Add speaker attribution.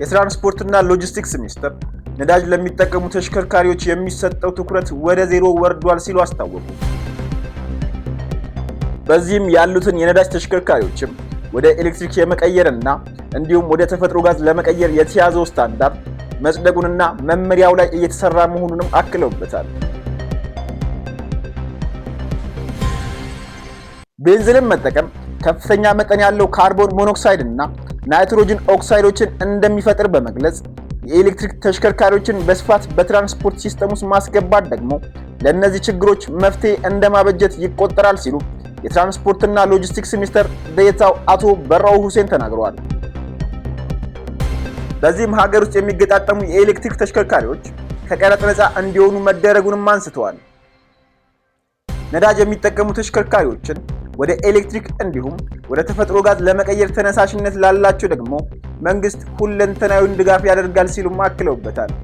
Speaker 1: የትራንስፖርትና ሎጂስቲክስ ሚኒስትር ነዳጅ ለሚጠቀሙ ተሽከርካሪዎች የሚሰጠው ትኩረት ወደ ዜሮ ወርዷል ሲሉ አስታወቁ። በዚህም ያሉትን የነዳጅ ተሽከርካሪዎችም ወደ ኤሌክትሪክ የመቀየርና እንዲሁም ወደ ተፈጥሮ ጋዝ ለመቀየር የተያዘው ስታንዳርድ መጽደቁንና መመሪያው ላይ እየተሰራ መሆኑንም አክለውበታል። ቤንዚልን መጠቀም ከፍተኛ መጠን ያለው ካርቦን ሞኖክሳይድ እና ናይትሮጅን ኦክሳይዶችን እንደሚፈጥር በመግለጽ የኤሌክትሪክ ተሽከርካሪዎችን በስፋት በትራንስፖርት ሲስተም ውስጥ ማስገባት ደግሞ ለእነዚህ ችግሮች መፍትሄ እንደማበጀት ይቆጠራል ሲሉ የትራንስፖርትና ሎጂስቲክስ ሚኒስትር ዴኤታው አቶ በራው ሁሴን ተናግረዋል። በዚህም ሀገር ውስጥ የሚገጣጠሙ የኤሌክትሪክ ተሽከርካሪዎች ከቀረጥ ነፃ እንዲሆኑ መደረጉንም አንስተዋል። ነዳጅ የሚጠቀሙ ተሽከርካሪዎችን ወደ ኤሌክትሪክ እንዲሁም ወደ ተፈጥሮ ጋዝ ለመቀየር ተነሳሽነት ላላቸው ደግሞ መንግስት ሁለንተናዊውን ድጋፍ ያደርጋል ሲሉም አክለውበታል።